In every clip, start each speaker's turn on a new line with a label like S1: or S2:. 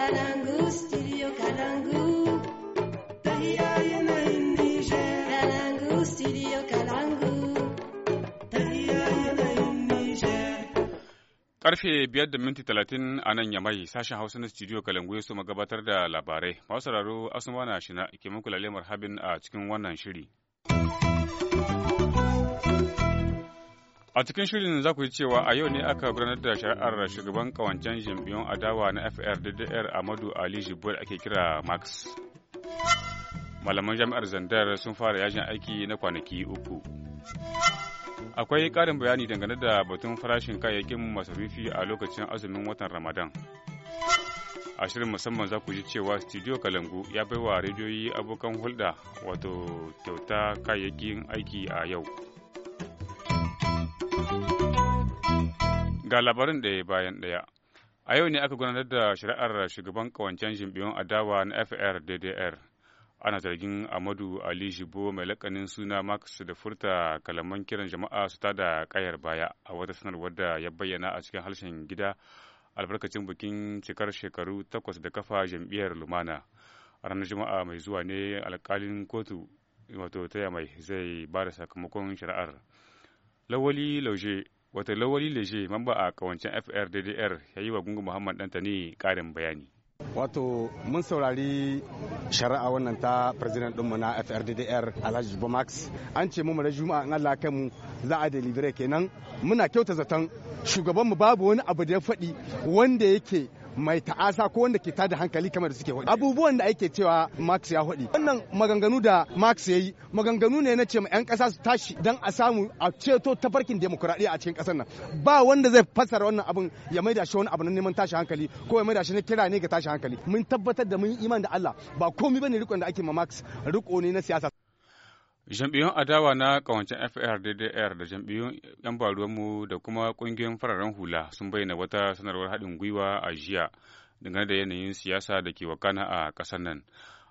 S1: Kalangu, studio Kalangu.
S2: Karfe biyar da minti talatin a nan yamai sashen Hausa na studio Kalangu ya so gabatar da labarai. Masu sauraro Asuma na shina ke muku lalemar habin a cikin wannan shiri. A cikin shirin za ku yi cewa a yau ne aka gudanar da shari'ar shugaban kawancen jam'iyyun adawa na FRDDR Amadu Ali Jibril ake kira Max. Malaman jami'ar Zandar sun fara yajin aiki na kwanaki uku. Akwai ƙarin bayani dangane da batun farashin kayayyakin masarufi a lokacin azumin watan Ramadan. a shirin musamman za ku ji cewa studio kalangu ya baiwa rediyoyi abokan hulɗa wato kyauta kayayyakin aiki a yau Ga labarin ɗaya bayan ɗaya. A yau ne aka gudanar da shari'ar shugaban kawancen shimbiyon adawa na FRDDR. Ana zargin Amadu Ali Shibo mai lakanin suna Max da furta kalaman kiran jama'a su tada kayar baya a wata sanarwar da ya bayyana a cikin harshen gida albarkacin bikin cikar shekaru takwas da kafa jam'iyyar Lumana. A ranar jama'a mai zuwa ne alkalin kotu wato taya mai zai ba da sakamakon shari'ar. Lawali Lauje wata lawali leje mamba a kawancin FRDDR ya yi wa gungun Muhammad ne karin bayani.
S3: wato mun saurari shari'a wannan ta president dinmu na FRDDR Alhaji Bomax an ce mu da juma'a in Allah mu za a deliver kenan muna kyauta zaton shugabanmu babu wani abu da ya faɗi wanda yake mai ta'asa ko wanda ke tada hankali kamar da suke hudu abubuwan da ake cewa Marx ya hudu wannan maganganu da Marx ya yi maganganu ne na ce ma yan kasa su tashi dan a samu a ceto tafarkin demokuraɗiyya a cikin kasar nan ba wanda zai fassara wannan abin ya maida shi wani abu na neman tashi hankali ko ya maida shi na kira ne ga tashi hankali mun tabbatar da mun yi iman da Allah ba komai bane rikon da ake ma Marx riko ne na siyasa
S2: Jam'iyyun adawa na kawancin ddr da jam'iyyun 'yan baruwanmu da kuma ƙungiyoyin fararen hula sun bayyana wata sanarwar haɗin gwiwa a jiya dangane da yanayin siyasa da ke wakana a ƙasar nan.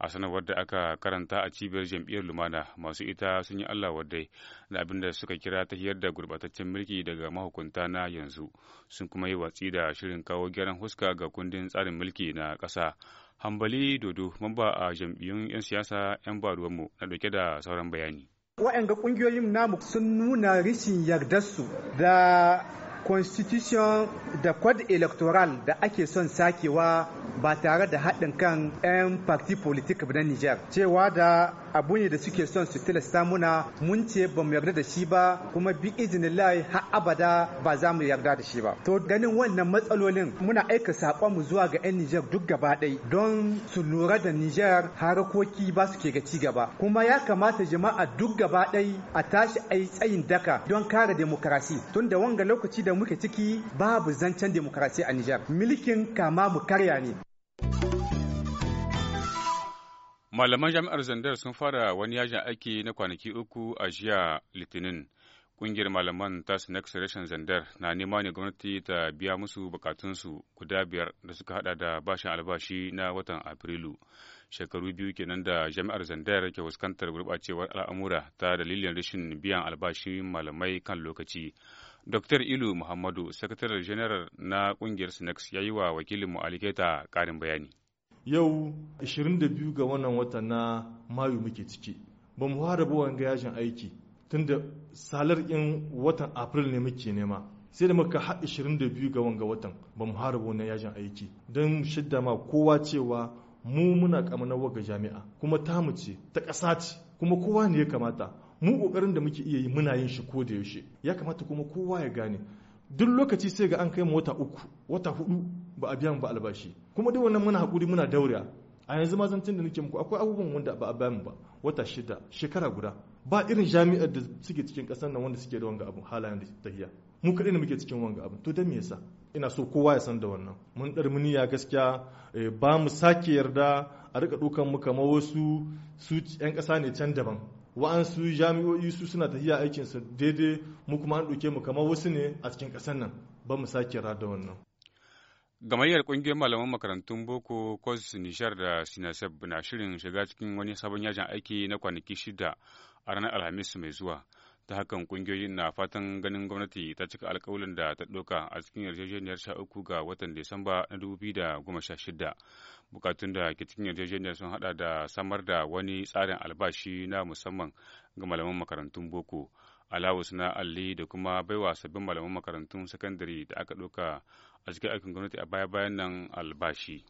S2: A sanarwar da aka karanta a cibiyar jam'iyyar Lumana masu ita sun yi Allah wadai da abin da suka kira ta hiyar da gurbataccen mulki daga mahukunta na yanzu sun kuma yi watsi da shirin kawo gyaran huska ga kundin tsarin mulki na ƙasa. hambali dodo mamba a jam'iyyun 'yan siyasa 'yan baruwanmu na dauke da sauran bayani
S4: waɗanda ƙungiyoyin namu sun nuna rishin yardarsu da constitution da kwad electoral da ake son sakewa ba tare da haɗin kan 'yan parti politik na Nijar cewa da abu ne da suke son su tilasta muna mun ce ba mu yarda da shi ba kuma bi izinin lai har abada ba za mu yarda da shi ba to ganin wannan matsalolin muna aika sakon mu zuwa ga 'yan Nijar duk gaba ɗai don su lura da Nijar harakoki ba su ke ga ci gaba kuma ya kamata jama'a duk gaba ɗai a tashi a yi tsayin daka don kare demokarasi tun da wanga lokaci da da muke ciki babu zancen demokarasi a Nijar. Milkin kama mu karya ne.
S2: Malaman jami'ar Zandar sun fara wani yajin aiki na kwanaki uku a jiya Litinin. Kungiyar malaman ta Sinex Rashin Zandar na nema ne gwamnati ta biya musu bukatunsu guda biyar da suka hada da bashin albashi na watan Afrilu. Shekaru biyu kenan da jami'ar Zandar ke fuskantar gurɓacewar al'amura ta dalilin rashin biyan albashin malamai kan lokaci. Dr. Ilu Muhammadu, Sakataren Janar na ƙungiyar Sinex ya yi wa wakilinmu Aliketa ƙarin bayani.
S1: Yau 22 ga wannan wata na Mayu muke ciki, ba mu fara wanga yajin aiki tunda salar in watan April ne muke nema. Sai da muka har 22 ga wanga watan ba mu fara yajin aiki don shidda ma kowa cewa mu muna kamanar ga jami'a kuma tamu ce ta ƙasa ce kuma kowa ne ya kamata mu kokarin da muke iya yi muna yin shi ko da yaushe ya kamata kuma kowa ya gane duk lokaci sai ga an kai wata uku wata hudu ba a biya ba albashi kuma duk wannan muna hakuri muna daura a yanzu ma zancin da nake muku akwai abubuwan wanda ba a biya ba wata shida shekara guda ba irin jami'ar da suke cikin kasar nan wanda suke da wanga abu halayen da tahiya mu kaɗai ne muke cikin wanga abu to da me yasa ina so kowa ya san da wannan mun dar ya gaskiya eh, ba mu sake yarda a rika dukan mu kamar wasu su yan kasa ne can daban wa'ansu jami'o'i su suna tafiya su daidai mu kuma an ɗauke mu kamar wasu ne a cikin ƙasar nan ba mu sake rada wannan.
S2: Gamayyar ƙungiyar malaman makarantun Boko kwas Nishar da sinasab na shirin shiga cikin wani sabon yajin aiki na kwanaki shida a ranar Alhamis mai zuwa. ta hakan kungiyoyin na fatan ganin gwamnati ta cika alkawalin da ta ɗauka a cikin yarjejeniyar sha uku ga watan disamba na dubu biyu da goma sha shida bukatun da ke cikin yarjejeniyar sun hada da samar da wani tsarin albashi na musamman ga malaman makarantun boko alawus na alli da kuma baiwa sabbin malaman makarantun sakandare da aka ɗauka a cikin aikin gwamnati a baya-bayan nan albashi.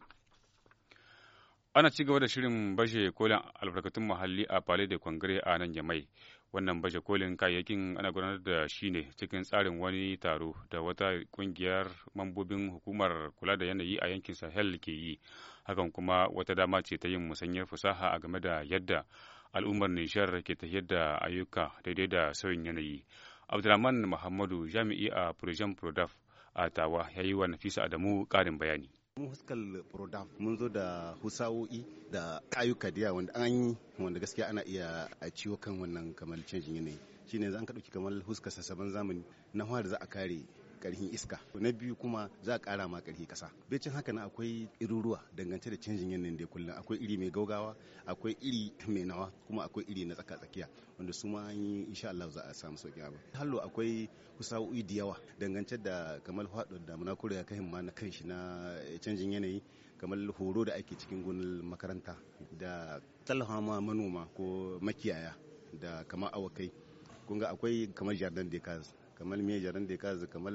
S2: ana ci gaba da shirin bashe kolin albarkatun muhalli a pale da kwangare a nan yamai wannan baje kolin kayayyakin ana gudanar da shi ne cikin tsarin wani taro da wata kungiyar mambobin hukumar kula da yanayi a yankin sahel ke yi hakan kuma wata dama ce ta yin musanyar fasaha a game da yadda al'ummar nishar ke tafiyar da ayyuka daidai da sauyin yanayi abdulrahman muhammadu jami'i a projan prodaf a tawa ya yi wa nafisa adamu ƙarin bayani
S3: Mun huskar program mun zo da husawo'i da ayyuka da wanda an yi wanda gaskiya ana iya a ciwo kan wannan kamar canjin yanayi. Shine za an ka kamar huskar sassaban zamani na da za a kare karhin iska na biyu kuma za a kara ma karhi kasa becin haka na akwai iruruwa dangance da canjin yanayin da kullum akwai iri mai gaugawa akwai iri mai nawa kuma akwai iri na tsaka tsakiya wanda su ma an yi insha Allah za a samu sauki abu hallo akwai kusa'o'i da yawa dangance da kamar faɗo da munakuru ya kai ma na kanshi na canjin yanayi kamar horo da ake cikin gonar makaranta da tallafa ma manoma ko makiyaya da kamar awakai kun ga akwai kamar jardin de cas kamar miya jaran da kaza kamar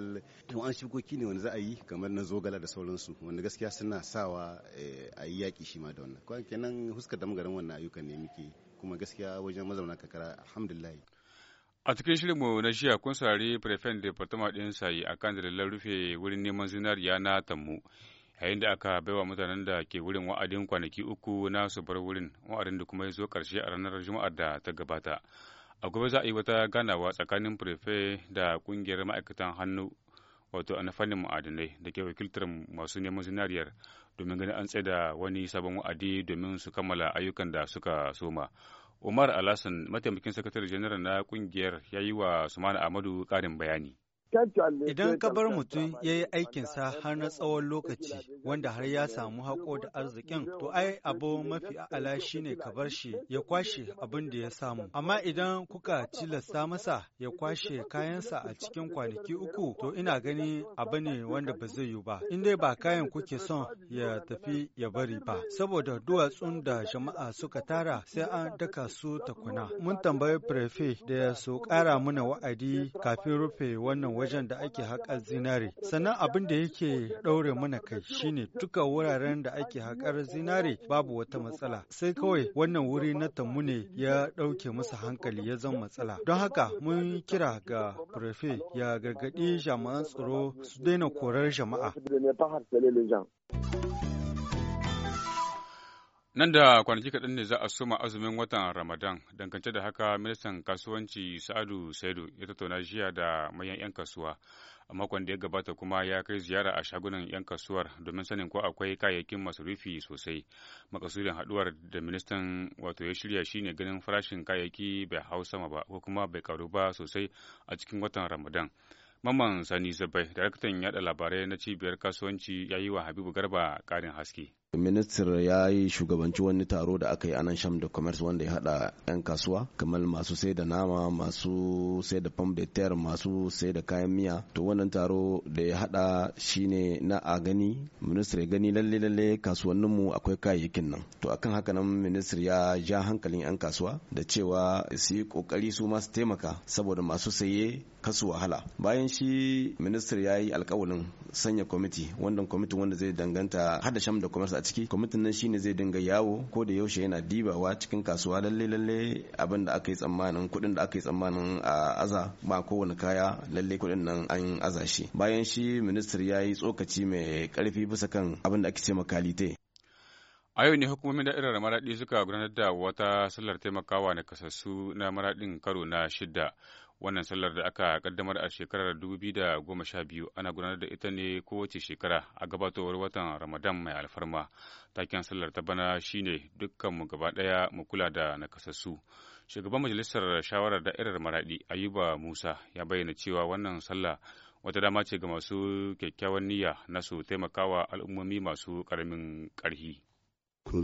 S3: an shukoki ne wanda za a yi kamar na zogala da sauransu wanda gaskiya suna sawa eh, a yi yaƙi shi ma da wannan kwan kenan huska da magarin wannan ayyukan ne muke kuma gaskiya wajen mazauna kakara alhamdulillah
S2: a cikin shirin mu na shiya kun saurari prefen patama ɗin sayi a kan dalilan rufe wurin neman zinariya na tammu yayin da aka baiwa mutanen da ke wurin wa'adin kwanaki uku na su bar wurin wa'adin da kuma ya zo ƙarshe a ranar juma'ar da ta gabata a gobe za a yi wata ganawa tsakanin prefe da kungiyar ma'aikatan hannu wato a fannin ma'adinai da ke wakiltar masu neman zinariyar domin ganin an da wani sabon wa'adi domin su kammala ayyukan da suka soma umar alasan mataimakin sakatare janar na kungiyar ya yi wa sumana amadu karin bayani
S4: Idan ka bar mutum ya yi aikinsa har na tsawon lokaci wanda har ya samu haƙo da arzikin, to ai abu mafi a'ala shi ne ka bar shi ya kwashe abin da ya samu. Amma idan kuka tilasta masa ya kwashe kayansa a cikin kwanaki uku, to ina gani abu ne wanda ba zai yi ba. In dai ba kayan kuke son ya tafi ya bari ba, saboda duwatsun da jama'a suka tara sai an daka su takuna. Mun tambayi prefe da ya su ƙara mana wa'adi kafin rufe wannan wajen da ake haƙar zinare. Sannan abin da yake ɗaure mana kai shine duka wuraren da ake haƙar zinare babu wata matsala. Sai kawai wannan wuri na tamu ne ya ɗauke masa hankali ya zama matsala. Don haka mun kira ga prefe ya gargaɗi jama'an tsaro su daina korar jama'a.
S2: Nan da kwanaki kaɗan ne za a soma azumin watan Ramadan, dangance da haka ministan kasuwanci Sa'adu Saidu ya tattauna jiya da manyan 'yan kasuwa. A makon da ya gabata kuma ya kai ziyara a shagunan 'yan kasuwar domin sanin ko akwai kayayyakin masarufi sosai. Makasudin haɗuwar da ministan wato ya shirya shi ne ganin farashin kayayyaki bai hau sama ba ko kuma bai karu ba sosai a cikin watan Ramadan. Maman Sani Zabai, daraktan yaɗa labarai na cibiyar kasuwanci ya yi wa Habibu Garba ƙarin haske.
S3: ministar ya yi shugabanci wani taro da aka yi anan sham da commerce wanda ya hada 'yan kasuwa kamar masu sai da nama masu sai da pam de masu sai da kayan miya to wannan taro da ya hada shine na a gani ministir ya gani lalle lalle kasuwannin mu akwai kayayyakin nan to akan haka nan ministir ya ja hankalin 'yan kasuwa da cewa su yi kokari su masu taimaka saboda masu saye kasu wahala bayan shi ministar ya yi alkawalin sanya kwamiti wannan kwamitin wanda zai danganta hada sham da commerce a ciki kwamitin nan shine zai dinga yawo ko da yaushe yana dibawa cikin kasuwa lalle lalle abin da aka yi tsammanin kuɗin da aka yi tsammanin a aza ba kowane kaya lalle kuɗin nan an aza shi bayan shi ministar ya yi tsokaci mai karfi bisa kan abin da ake ce makalite
S2: A yau ne hukumomin da'irar maraɗi suka gudanar da wata sallar taimakawa na kasassu na maraɗin karo na shida. Wannan sallar da aka kaddamar a shekarar 2012 ana gudanar da ita ne kowace shekara a gabatowar watan Ramadan mai alfarma. Taken sallar ta bana shine dukkanmu gaba ɗaya mu kula da nakasassu. Shugaban majalisar shawarar da'irar maraɗi Ayuba Musa ya bayyana cewa wannan sallah wata dama ce ga masu kyakkyawan niyya na su taimakawa al'ummomi masu ƙaramin ƙarfi.
S3: Mun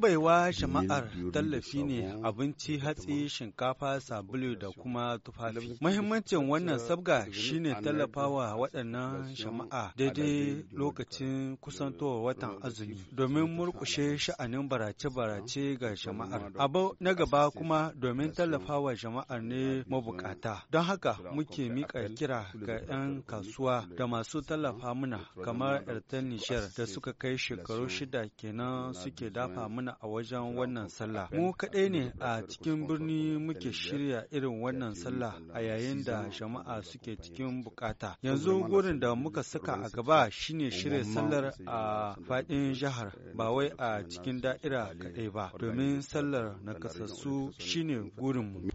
S4: baiwa shama'ar tallafi ne abinci, hatsi, shinkafa, sabulu da kuma tufafi. Muhimmancin wannan sabga shine tallafawa waɗannan shama'a daidai lokacin kusantowa watan azumi domin murkushe sha'anin barace-barace ga shama'ar. Abu na gaba kuma domin tallafawa jama'ar ne mabukata. Don haka muke miƙa kira ga 'yan kasuwa da masu tallafa muna kamar da suka kai shekaru shida kenan suke dafa mana a wajen wannan sallah. Mu kaɗai ne a cikin birni muke shirya irin wannan sallah a yayin da jama'a suke cikin bukata. Yanzu gurin da muka saka a gaba shine shirya sallar a faɗin jihar ba wai a cikin da'ira kaɗai ba domin sallar nakasassu shine gurinmu. mu.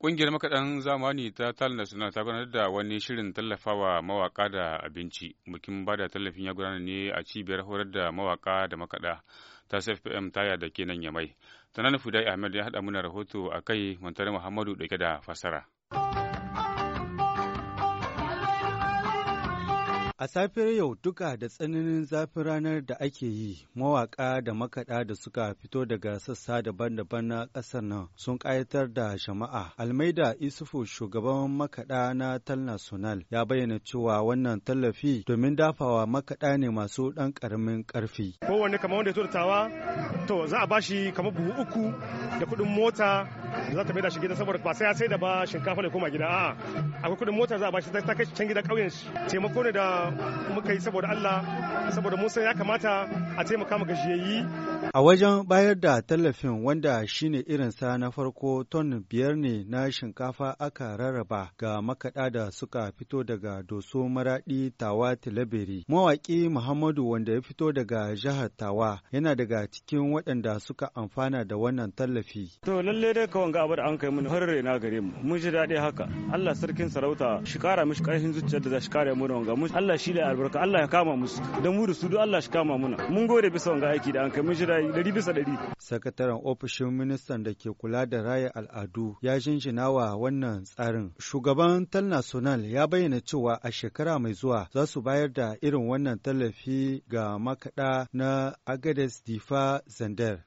S2: Ƙungiyar makaɗan zamani ta Tal National ta gudanar da wani shirin tallafawa mawaƙa da abinci. Bikin bada tallafin ya gudana ne a cibiyar horar da mawaƙa da makaɗa ta CFM taya da ke nan Yamai. Tanan Fudai Ahmed ya haɗa muna rahoto a kai Muntari Muhammadu ɗauke da fasara.
S4: A safiyar yau duka da tsananin zafin ranar da ake yi, mawaƙa da makaɗa da suka fito daga sassa daban-daban na ƙasar nan sun ƙayatar da jama'a. Almaida Isufu shugaban makaɗa na Tal National ya bayyana cewa wannan tallafi domin dafawa makaɗa ne masu ɗan ƙaramin ƙarfi.
S1: Kowanne kamar wanda ya tawa, to za a bashi kamar buhu uku da kuɗin mota za ta maida shi gida saboda ba sai ya sai da ba shinkafa da koma gida a'a akwai kuɗin mota za a bashi ta kai can gida ƙauyen shi taimako ne da muka yi saboda Allah saboda mun ya kamata a taimaka mu gajiyayyi
S4: A wajen bayar da tallafin wanda shine irinsa na farko ton biyar ne na shinkafa aka rarraba ga makaɗa da suka fito daga Doso Maraɗi Tawa tilabiri. Mawaƙi Muhammadu wanda ya fito daga jihar Tawa yana daga cikin waɗanda suka amfana da wannan tallafi.
S3: To lalle dai ka ga abu da an kai mun harare na gare mu. Mun ji daɗi haka. Allah sarkin sarauta shi kara mishi ƙarfin zuciyar da za shi kare mu da wanga. Allah shi da albarka Allah ya kama musu. Da mu da su duk Allah shi kama muna. Mun gode bisa wanga aiki da an kai mun ji daɗi ɗari bisa ɗari.
S4: Sakataren ofishin ministan da ke kula da raya al'adu ya jinjina wa wannan tsarin. Shugaban Tal National ya bayyana cewa a shekara mai zuwa za su bayar da irin wannan tallafi ga makaɗa na Agades Difa Zander.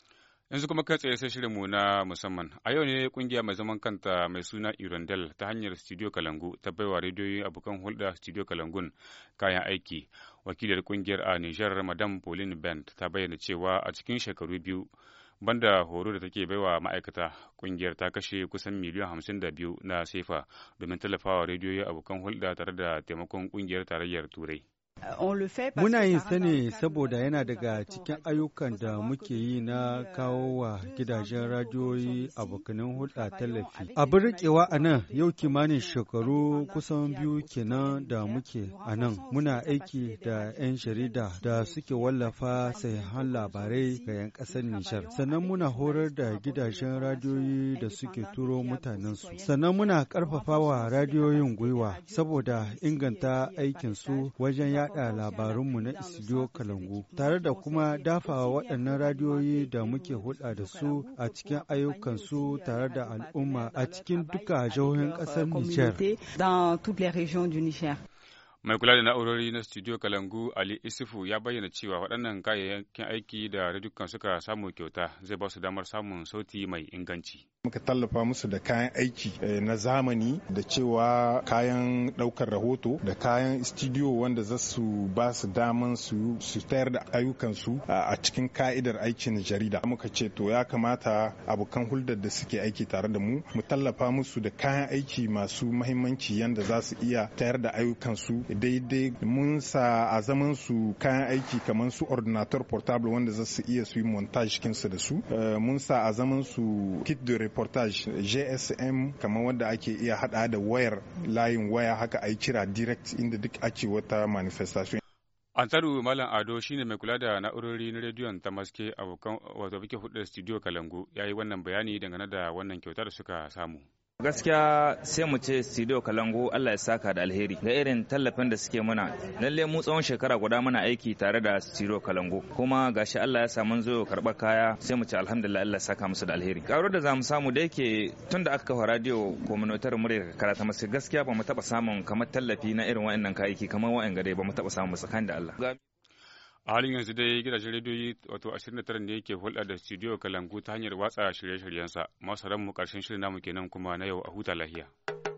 S2: yanzu kuma kai tsaye sai mu na musamman a yau ne kungiya mai zaman kanta mai suna irondel ta hanyar studio kalangu ta baiwa rediyoyi abokan hulɗa studio kalangun kayan aiki wakiliyar kungiyar a Nijar Madam Pauline Bent ta bayyana cewa a cikin shekaru biyu banda horo da take baiwa ma'aikata kungiyar ta kashe kusan miliyan hamsin da biyu na sefa domin tallafawa rediyoyi abokan hulɗa tare da taimakon kungiyar tarayyar turai.
S4: Muna yin sani saboda yana daga cikin ayyukan da muke yi na euh, kawo wa gidajen radiyoyi abokanin hulɗa tallafi. Abin riƙewa a nan yau kimanin shekaru kusan biyu kenan da muke a nan. Muna aiki da 'yan jarida da suke wallafa sahihan labarai ga 'yan ƙasar Nijar. Sannan muna horar da gidajen radiyoyi da suke turo mutanensu. Sannan muna ƙarfafa wa radiyoyin gwiwa saboda inganta aikinsu wajen yada labarunmu na Isidiyo Kalangu, tare da kuma dafawa waɗannan radiyoyi da muke hulɗa da su a cikin ayyukansu tare da al'umma a cikin duka jihohin ƙasar
S3: Nijar.
S2: Mai kula da na'urori na Studio Kalangu Ali Isufu ya bayyana cewa waɗannan kayayyakin aiki da rajukan suka samu kyauta zai ba su damar samun sauti mai inganci.
S1: Muka tallafa musu da kayan aiki eh, na zamani da cewa kayan ɗaukar rahoto da kayan studio wanda za su ba su daman su su tayar da ayyukansu a cikin ka'idar aikin jarida. Muka ce to ya kamata abokan hulɗar da suke aiki tare da mu mu tallafa musu da kayan aiki masu mahimmanci yadda za su iya tayar da ayyukansu daidai mun sa a zaman su kayan aiki kamar su ordinator portable wanda za su iya su yi montage kinsu da su eh, mun sa a zaman su kit de reportage gsm kamar wanda ake iya hada da wayar layin waya haka a kira direct inda duk ake wata manifestation an
S2: Antaru Malam Ado shine mai kula da na'urori na rediyon ta maske abokan wato bike hudu studio Kalangu ya yi wannan bayani dangane da wannan kyautar da suka samu. gaskiya sai mu ce studio kalango allah ya saka da alheri ga irin tallafin da suke muna lalle mu tsawon shekara guda muna aiki tare da studio kalango kuma gashi allah ya samu zo karɓar kaya sai mu ce alhamdulillah allah ya saka musu da alheri karo da zamu samu da yake tun da aka kafa radio ko murya karkara karata masu gaskiya ba mu taɓa samun kamar tallafi na irin wa'annan kayayyaki kamar wa'annan gare ba mu taɓa samu tsakanin da allah a halin yanzu dai gidajen rediyoyi wato 29 ne yake hulɗa da studio kalangu ta hanyar watsa shirye-shiryensa masu mu ƙarshen shirin namu kenan kuma na yau a huta lahiya.